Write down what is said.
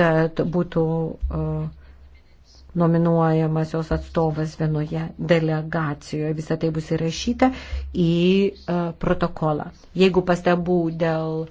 kad būtų e, nominuojamas jos atstovas vienoje delegacijoje. Visą tai bus įrašyta į e, protokolą. Jeigu pastabų dėl